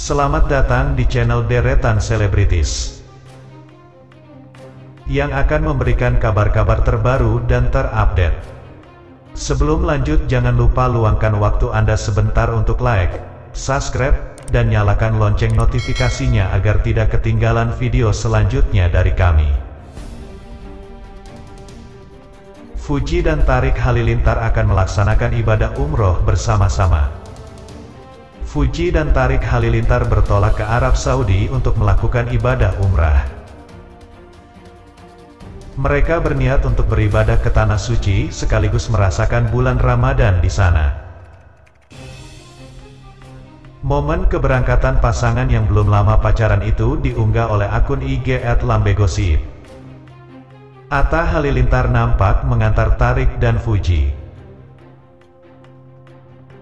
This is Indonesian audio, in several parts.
Selamat datang di channel Deretan Selebritis. Yang akan memberikan kabar-kabar terbaru dan terupdate. Sebelum lanjut jangan lupa luangkan waktu Anda sebentar untuk like, subscribe, dan nyalakan lonceng notifikasinya agar tidak ketinggalan video selanjutnya dari kami. Fuji dan Tarik Halilintar akan melaksanakan ibadah umroh bersama-sama. Fuji dan Tarik Halilintar bertolak ke Arab Saudi untuk melakukan ibadah umrah. Mereka berniat untuk beribadah ke Tanah Suci sekaligus merasakan bulan Ramadan di sana. Momen keberangkatan pasangan yang belum lama pacaran itu diunggah oleh akun IG at Lambegosip. Atta Halilintar nampak mengantar Tarik dan Fuji.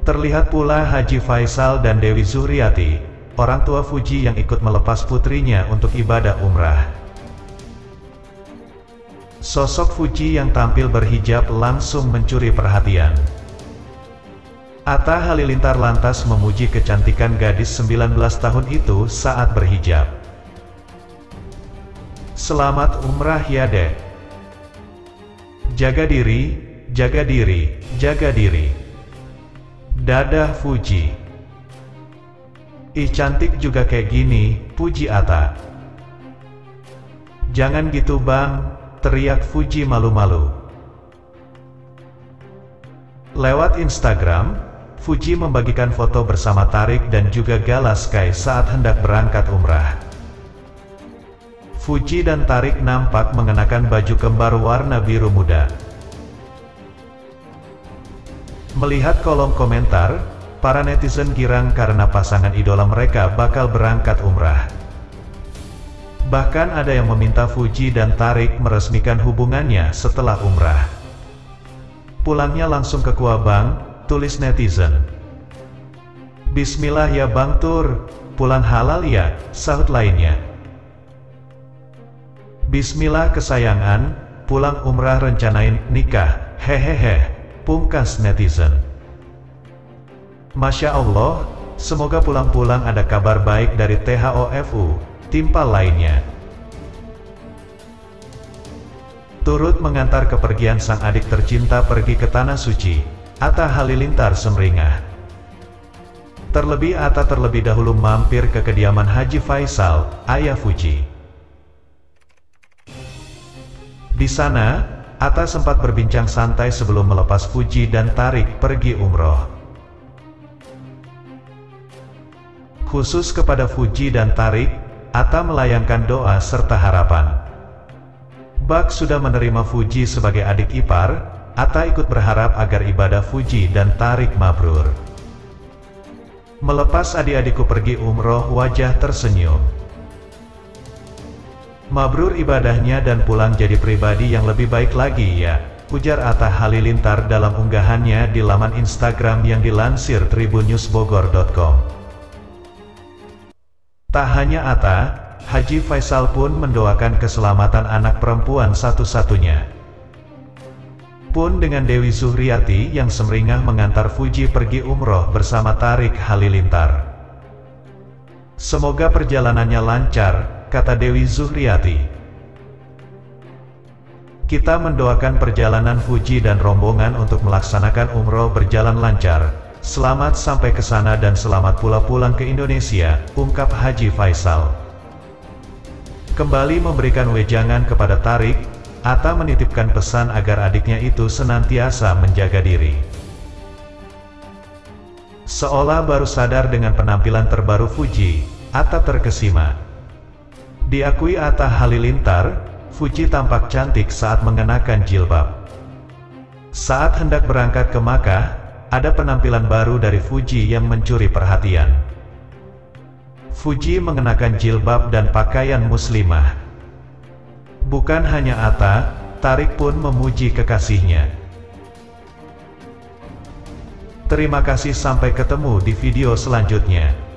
Terlihat pula Haji Faisal dan Dewi Zuriati, orang tua Fuji yang ikut melepas putrinya untuk ibadah umrah. Sosok Fuji yang tampil berhijab langsung mencuri perhatian. Atta Halilintar lantas memuji kecantikan gadis 19 tahun itu saat berhijab. Selamat umrah ya dek. Jaga diri, jaga diri, jaga diri. Dadah Fuji. Ih cantik juga kayak gini, puji Ata. Jangan gitu bang, teriak Fuji malu-malu. Lewat Instagram, Fuji membagikan foto bersama Tarik dan juga Gala Sky saat hendak berangkat umrah. Fuji dan Tarik nampak mengenakan baju kembar warna biru muda. Melihat kolom komentar, para netizen girang karena pasangan idola mereka bakal berangkat umrah. Bahkan ada yang meminta Fuji dan Tarik meresmikan hubungannya setelah umrah. Pulangnya langsung ke Kua Bang, tulis netizen. Bismillah ya Bang Tur, pulang halal ya, sahut lainnya. Bismillah kesayangan, pulang umrah rencanain nikah, hehehe. Pungkas Netizen. Masya Allah, semoga pulang-pulang ada kabar baik dari THOFU, timpal lainnya. Turut mengantar kepergian sang adik tercinta pergi ke Tanah Suci, Atta Halilintar Semringah. Terlebih Atta terlebih dahulu mampir ke kediaman Haji Faisal, ayah Fuji. Di sana, Atta sempat berbincang santai sebelum melepas Fuji dan tarik pergi umroh. Khusus kepada Fuji dan Tarik, Atta melayangkan doa serta harapan. Bak sudah menerima Fuji sebagai adik ipar, Atta ikut berharap agar ibadah Fuji dan Tarik mabrur. Melepas adik-adikku pergi umroh wajah tersenyum. Mabrur ibadahnya dan pulang jadi pribadi yang lebih baik lagi ya, ujar Atta Halilintar dalam unggahannya di laman Instagram yang dilansir tribunnews.bogor.com. Tak hanya Atta, Haji Faisal pun mendoakan keselamatan anak perempuan satu-satunya. Pun dengan Dewi Suhriati yang semeringah mengantar Fuji pergi umroh bersama Tarik Halilintar. Semoga perjalanannya lancar, kata Dewi Zuhriati. Kita mendoakan perjalanan Fuji dan rombongan untuk melaksanakan umroh berjalan lancar. Selamat sampai ke sana dan selamat pula pulang ke Indonesia, ungkap Haji Faisal. Kembali memberikan wejangan kepada Tarik, Atta menitipkan pesan agar adiknya itu senantiasa menjaga diri. Seolah baru sadar dengan penampilan terbaru Fuji, Atta terkesima, Diakui Atta Halilintar, Fuji tampak cantik saat mengenakan jilbab. Saat hendak berangkat ke Makkah, ada penampilan baru dari Fuji yang mencuri perhatian. Fuji mengenakan jilbab dan pakaian muslimah. Bukan hanya Atta, Tarik pun memuji kekasihnya. Terima kasih sampai ketemu di video selanjutnya.